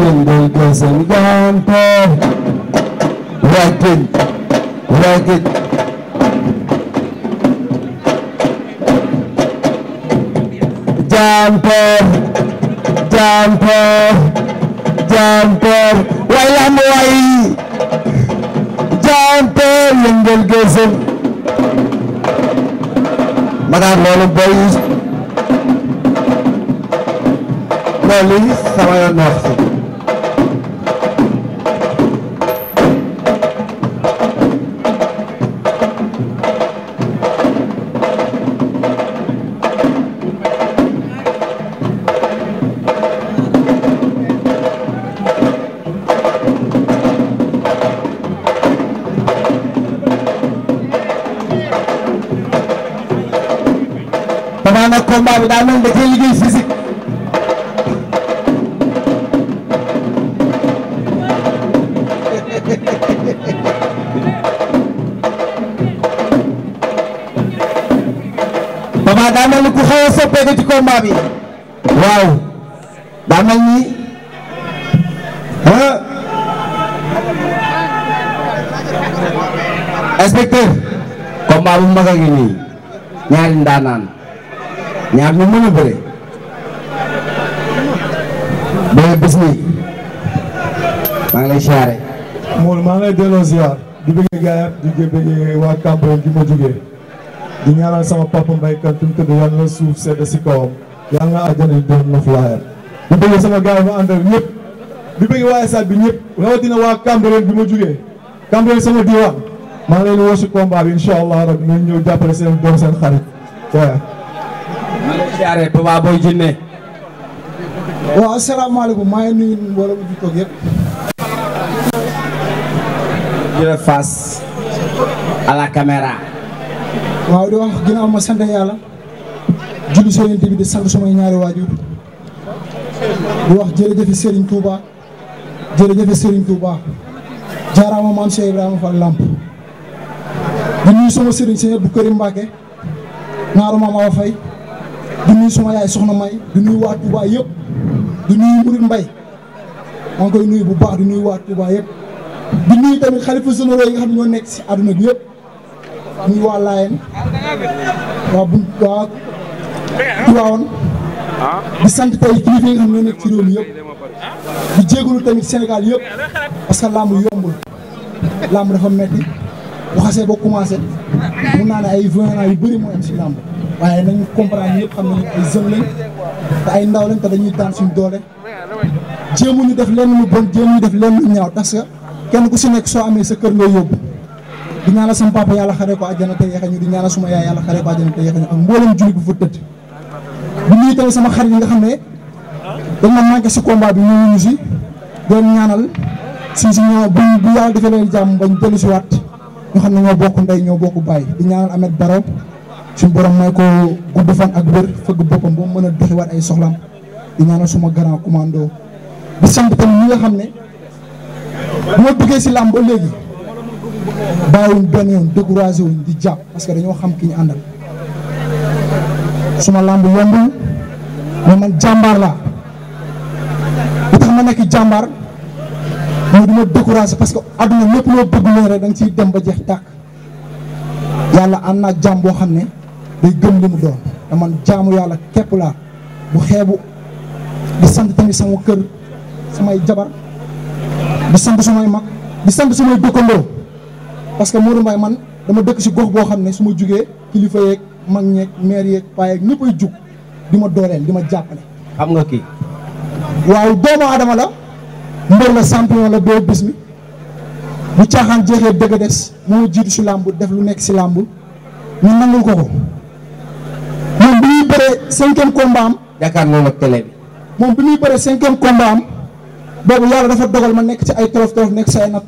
yëngal gësëm gante rakin rakin jàmper jàmper jàmper way lamb way jàmper yëngal gësëm magar loolu boy loolu sama yoon wax amaana combat bi daa mel da cee liggéey physique. papa daa mel ni ku xaw a soppeeku ci combat bi. waaw. daa mel ni ah. inspecteur. combat bu mag a ngi nii ñaari ndaanaan. ñaar ñu mën a bëre ba bis maa ngi lay siyaare moom maa ngi lay delloo siyaar di bëggee gaayam di bëggee eh, waa Cambérène gi ma di ñaanal sama papa Mbaye Kane fi mu tëdd yàlla suuf sedd si kawam yàlla na àjjana yi doon na fulaayam di bëggee sama gaay ma àndal ñëpp di bëggee waa stade bi ñëpp rawatina waa Cambérène bi ma jógee Cambérène sama diwaan maa ngi leen woo si combat bi incha allah rek nañ ñëw jàppale seen doom seen xarit siyaare Papa Boy maa ngi nuyu mbooloo mu jikkoog yëpp di la face la caméra waaw di wax ginnaaw ma sant yàlla julli sëriñ bi di sant sumay ñaari waajur di wax jërëjëf Serigne Touba jërëjëf Serigne Touba jaaraama maam Cheikh Ibrahima Fall Lamp di nuyu sama sëriñ Serigne Abdou Karim Mbacke naaru maam Awa Faye di nuyu suma yaay soxna May di nuyu waa Touba yëpp di nuyu Mouride Mbaye maa koy nuyu bu baax du nuyu waa Touba yëpp. di nuyu tamit xalifa généraux yi nga xam ne nekk si àdduna bi yëpp nuyu waa Laayeen waa bu waa Tiwaawan di sant tey kilifa yi nga xam ci réew yëpp di jégalu tamit Sénégal yëpp parce làmb yombul làmb dafa metti bu xasee ba mun naa ne ay vingt ans yu si làmb. waaye nañu comprendre ñëpp xam nañu ay jeunes lañ te ay ndaw lañ te dañuy daan suñu doole jéemuñu def lenn lu bon jéemuñu def lenn lu ñaaw parce que kenn ku si nekk soo amee sa kër nga yóbbu di ñaanal sama papa yàlla xaree ko àjjana te yeexe ñu di ñaanal suma yaay yàlla xaree ko àjjana te yeexe ñu ak mboolem sama xarit yi nga xam ne dañ ma manqué si combat bi ñooñu ñu si doon ñaanal si si ñoo bu bu yàlla defee leen jàmm bañ dellu si waat ñu xam ne ñoo bokk ndey ñoo bokk bàyyi di ñaanal Amet Baro suñu borom may ko gudd fan ak wér fëgg boppam ba mën a doxiwaat ay soxlaam di ñaanal suma grand commando di sant tamit ñi nga xam ne bu ma duggee si làmb ba léegi bàyyiwuñ benn yoon découragé wuñ di jàpp parce dañoo xam ki ñu àndal suma làmb yombul mais man jàmbaar laa bu tax ma nekk jàmbaar mais du ma découragé parce que àdduna lépp loo bëgg loolu rek da nga ciy dem ba jeex tàkk yàlla ànd naa jàmm boo xam ne day gëm li mu doon te man jaamu yàlla kepp laa bu xeebu di sant tamit sama kër samay jabar di sant samay mag di sant samay dëkkandoo parce que Modou man dama dëkk si gox boo xam ne su ma jugee kilifa yeeg mag ñeeg maire yeeg paa yeeg ñëppay jug di ma dooleel di ma jàppale. xam nga kii. waaw doomu aadama la mbër la champion la boobu bis mi bu caaxaan jeexee dëgg des moo jiitu si làmb def lu nekk si làmb ñu nangul ko ko. bëree cinquième combat am. yaakaar naa nag télé moom bi muy bëree cinquième combat am boobu yàlla dafa dogal ma nekk ci ay tolof tolof nekk ci ay natt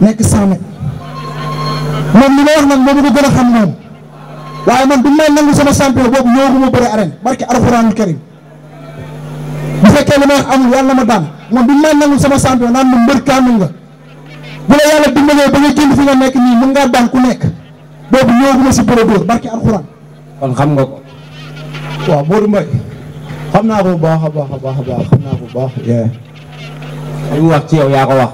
nekk cent moom li ma wax nag moom ko gën a xam moom waaye man bi may nangu sama champion boobu ñëwaguma ma bëri arène barki alxuraanul karim bu fekkee li ma wax amul yàlla ma daan moom bi may nangu sama champion naan ma mbër kaamil nga bu la yàlla dimbalee nekk nii mën ngaa daan ku nekk boobu ñëwaguma si bëre dóor alxuraan waaw Modou Mbaye xam naa ko bu baax a baax a baax a baax xam naa ko bu baax. li mu wax ci yow yaa ko wax.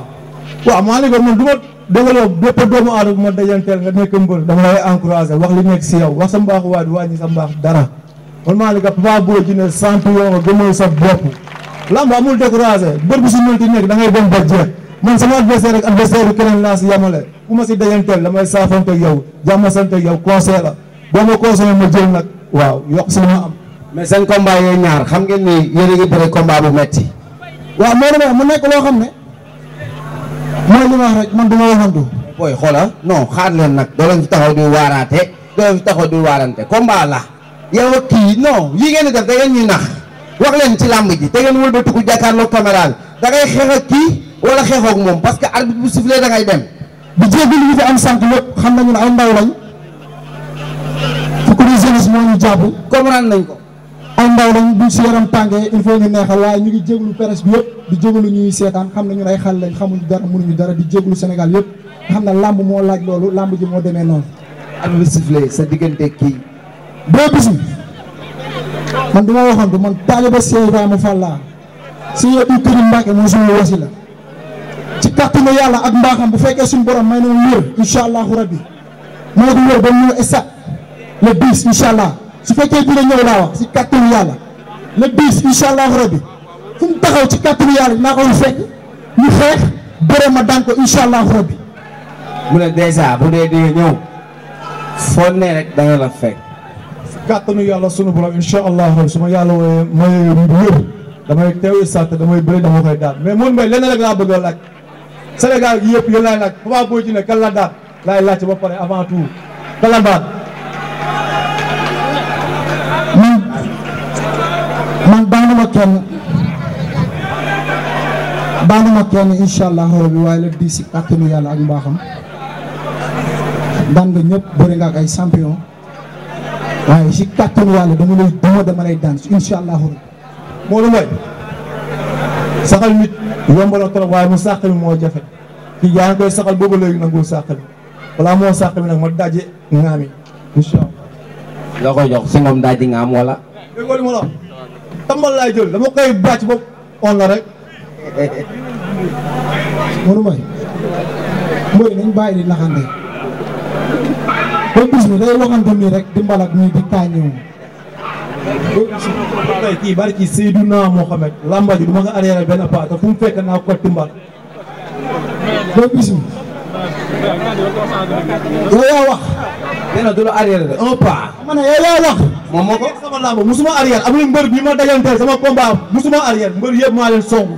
waaw maa ngi man du ma déggoo bépp doomu aadama ma dajanteel nga nekk mbër dama lay encouragé wax li nekk si yow wax sa mbaax waay du wàññi sa mbaax dara man maa ngi lay Papa Boy Djiné champion nga gëmal sa bopp. lamb amul découragé bër bu si mënti nekk da ngay dem ba jeex man sama adversaire ak adversaire bi keneen laa si yamale ku ma si dajanteel damay saafanteeg yow jàmmasanteeg yow conseil la boo ma conseillé ma jël nag waaw yokk si li ma am. mais seen combat yooyu ñaar xam ngeen ni yéen a ngi bëre combat bu metti waaw moo dama mu nekk loo xam ne mooy li ma wax rek man du ma waxantu booy xoola non xaar leen nag doo leen fi taxaw di waaraate doo leen fi taxaw di waarante combat la yow kii non yi ngeen di def da ngeen nax wax leen ci làmb ji te ngeen wëlbatiku jàkkaarloo caméra bi da ngay xeex ak kii wala xeexoog moom parce que arbitre bu sifflé da ngay dem bu jéegul ñu fi am sant lépp xam nañu ne ay ndaw lañ ndaw lañ bu si yaram tàngee il faut ñu neexal waaye ñu ngi jéglu presse bi yëpp di jéglu ñuy seetaan xam ne ñun ay xale lañ xamuñu dara mënuñu dara di jéglu senegal yëpp xam na làmb moo laaj loolu làmb ji moo demee noonu. ak na sifflé sa diggante kii. Bébé Bismi man bi ma waxoon du man taaliba Cheikh Ibrahima Fall laa si yëpp yu yàlla ak mbaaxam bu fekkee suñ borom may na wér incha allahu rabbi moo ko wér ba mu ñëw le 10 incha allah su fekkee dina ñëw laa wax si kàttanu yàlla le 10 allahu rabi fu mu taxaw ci kàttanu yàlla naa koy fekk ñu xeex bëre ma daan ko incha allahu rabi. mu ne dèjà bu dee di ñëw foo ne rek dana la fekk. si kàttanu yàlla sunu borom incha allahu rabi su ma yàlla wooyee ma wér damay teew sàtt damay bëri dama koy daal mais moom mooy lenn rek laa bëgg a laaj Sénégal yëpp yéen laay laaj Papa Boy Djiné kan la daan laay laaj ba pare avant tout daan. man baanu ma kenn baanu kenn incha allah rabbi waaye la di si kàttanu yàlla ak mbaaxam daan nga ñëpp bëri nga ak ay champion waaye si kàttanu yàlla dama lay duma dama lay daan incha allah moo lu saxal nit yomb la waaye mu sàq bi moo jafe kii yaa saxal boobu léegi nangul sàq bi balaa moo sàq bi nag ma daje ŋaami incha loo koy jox si moom daji ŋaam wala. yombal laay jël dama koy bàcc bopp on la rek manu may nañ bàyyi di naxante ba bis bi day waxante nii rek di mbalak nii di tàññewu tey kii bari ci Seydina Mohamed lamba ji du ma nga arrière benn pas fu mu fekk naa ko timbal ba bis bi du ma yaa wax. nee na du la arrière de un pas. ma ne yow yaa wax. moom moo ko sama làmb musuma arrière amul mbër bi ma yëpp maa leen song.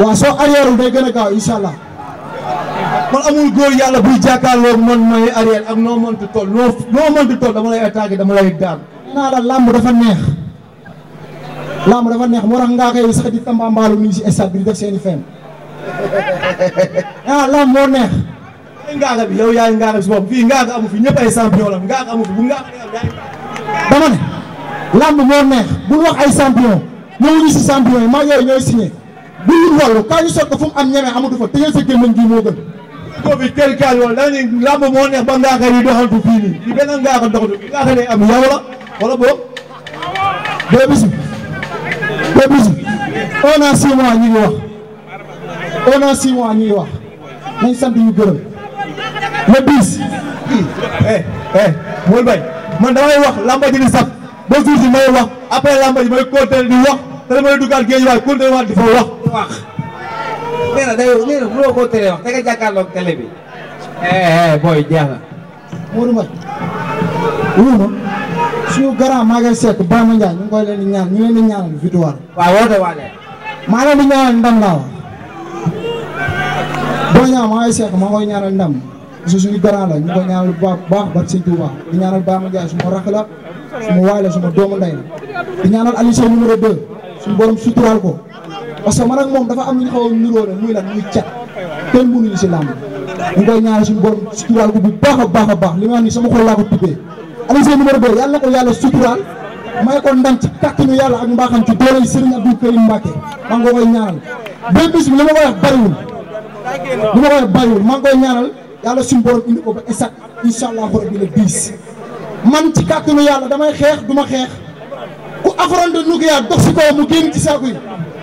waaw soo arrière day gën a gaaw incha allah. man amul góor yàlla buy jàkkaarloog man may arrière ak noo mënti toll noo noo mënti toll dama lay attaqué dama lay daan. naa la làmb dafa neex. làmb dafa neex moo tax ngaa koy sax di tambambaalu mi si stade bi def seen fen. ah lam moo neex. a bi yow yaay ngaaga si bopp fii a amu fi ñëpp ay champion la a amu fi bu ngaaga dama ne. lamb moo neex bul wax ay champion ñëwuñu si champion yi maa yooyu ñooy signé bu ñu wàllu kaa ñu soog ko fu mu am ñeme amatu fa tëjee sa gémmañ gi moo gën. boobu tel kaay woon da ngay lamb moo neex ba ngaaka yi doxantu fii nii li benn ngaaka doxantu ngaaka day a six wax. on a six mois ñuy wax nañ sant ñu gërëm le bis eh eh Modou Mbaye man damay wax lamba ji di sax si may wax après lamba may continuer di wax te damay duggaat géej waay continuer waat di fa wax wax nee na day nee na mënoo continuer wax da nga jàkkaarloog télé eh, eh, leen di ñaan ñu leen di ñaanal victoire waaw woote waale Boy Niang maa ngi seq maa koy ñaanal ndam parce suñu garant la ñu koy ñaanal baax baax ba sëñ Touba di ñaanal Baye Mandiaye suma rakk la suma waay la suma doomu ndey la di ñaanal Aliou Sow numéro 2 suñu borom suturaal ko parce a niróole muy lan muy cat kenn mënuñu si làmb ñu koy ñaanal suñu borom suturaal ko bu baax a baax a baax li ma wax ni sama xol laa ko tuddee Aliou Sow numéro 2 yàlla na ko yàlla suturaal may ko ndam ci kàttanu yàlla ak mbaaxam ci doolay Serigne Abdou Karim Mbacké maa ngi koy ñaanal benn bis bi li ma koy wax bariwul bu ma war a bàyyiwul koy ñaanal yàlla suñu borom indi ko ba esat incha allah rabbi le 10. man ci kàttanu yàlla damay xeex du ma xeex ku affronté Nokia dox si kaw mu génn ci saako yi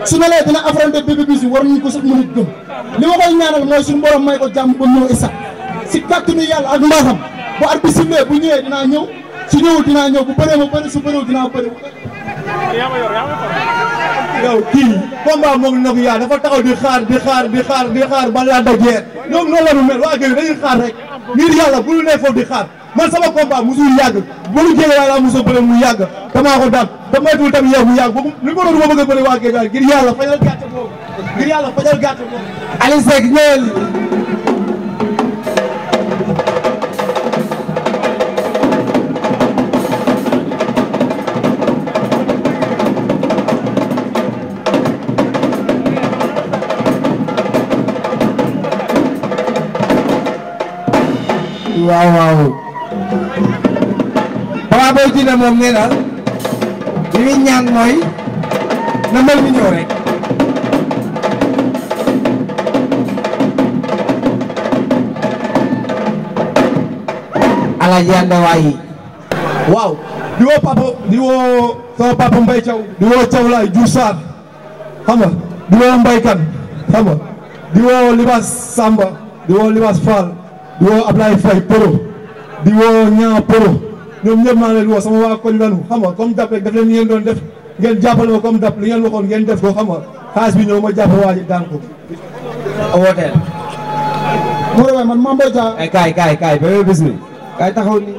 su ma lee dina affronté Bébé Bismi war nañu ko sax mën a gëm li ma koy ñaanal mooy suñu borom may ko jàmm ba ñëw esat si kàttanu yàlla ak bu ñëwee dinaa ñëw su ñëwul dinaa ñëw bu bëree ma bëri su bëriwul dinaa bëri. yow kii combat moom nagu yaa dafa taxaw di xaar di xaar di xaar di xaar ba la dajeer ñoom noonu la ñu mel waa Guèye dañuy xaar rek ngir yàlla bu ñu di xaar man sama combat musul yàgg balu jége waaye laa mosa bëre mu yàgg damaa ko daan damaytul mu yàgg boobu ni ko doon ma bëgg a bëri waa Guèye daal ngir yàlla fajal gàtt boobu ngir yàlla fajal gàtt boobu Alioune Seck ñëwal waaw waaw Papa Boy Djiné moom nee na li muy ñaan mooy mi ñëw rek. Alaaji Ande waay waaw di woo papa di woo sama papa Mbaye Thiaw di woo Thiaw Laye Diouf Sarr di woo Mbaye Kane xam di woo Libaas Samba di woo Libaas Fall. di woo Ablaye Faye Poro di woo Niang Poro ñoom ñëpp maa ngi leen di woo sama waa koñ lanu xam nga comme dap rek daf leen ngeen doon def ngeen jàppale ma comme dap li ngeen waxoon ngeen def ko xam nga xaalis bi ñëw ma jàppale waa ji daan ko. wooteel. Mourou Mbaye man Mambo Diaw. Eh, kaay kaay kaay ba bis mi kaay taxaw nii.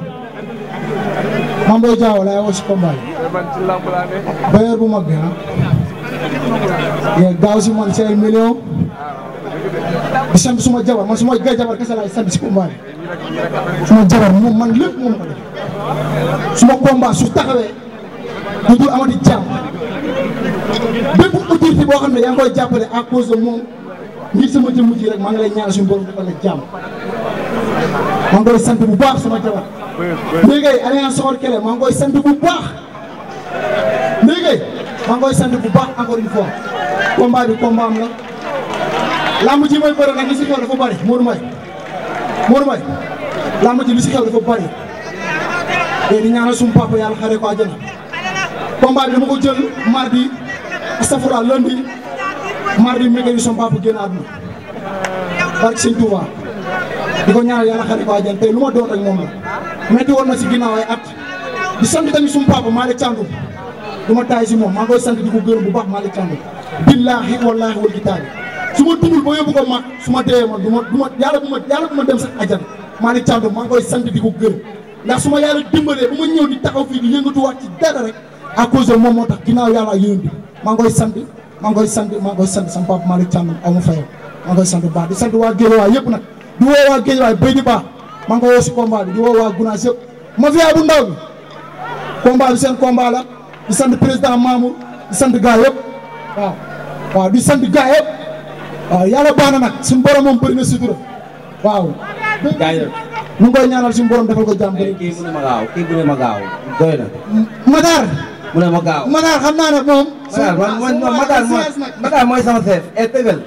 Mambo Diaw laay woo si combat bi. bailleur bu mag bi ah. yow daaw si man 5 millions. di sant suma jabar man suma gay jabar kese laay sant si combat bi suma jabar moom man lépp moom ko def suma combat su taxawee du dul amati jàmm bépp autorité boo xam ne yaa ngi koy jàppale à cause de moom ngir sama jëmm ji rek maa ngi lay ñaanal suñu borom defal la jàmm maa ngi koy sant bu baax sama jabar léegi alliance soxor kele maa ngi koy sant bu baax léegi maa ngi koy sant bu baax encore une fois combat bi combat am la làmb ji may bëri nag li si xew moo bëri Modou Mbaye Modou Mbaye làmb ji li si xew dafa bëri te di ñaanal suñu papa yàlla xaree ko àjjana combat bi dama ko jël mardi astafura lundi mardi mi ngi suñu papa génn àdduna barke Sëñ ko ma si ginnaaw ay at di sant tamit suñu papa Malick Thiandoum du ma taay si moom maa koy sant di ko gërëm bu baax Malick Thiandoum billaahi wallaahi wal kitaabi su ma dugul ba yóbbu ko mag su ma deewee man du ma du ma yàlla bu ma dem sax ajana maa ni Thiandoum maa ngi sant di ko gërëm ndax su ma yàlla dimbalee bu ma ñëw di taxaw fii di yëngatuwaat ci dara rek à moom moo tax ginnaaw yàlla ak bi maa ngi koy sant maa ngi sant maa ngi sant sama papa Malick Thiandoum aw ma fayoo maa ngi koy sant bu baax di sant waa Guédiawaye yëpp nag di woo waa Guédiawaye béy di baax maa ngi koy woo si combat bi di woo waa Gounass ma di sant président Mamour di sant waaw yàlla baax na nag suñu borom moom bëri na sutura waaw. jaajëf mu ñaanal suñu borom defal ko jàmm. kii mu ne ma gaaw kii mu ne ma gaaw sama seef et tëgal.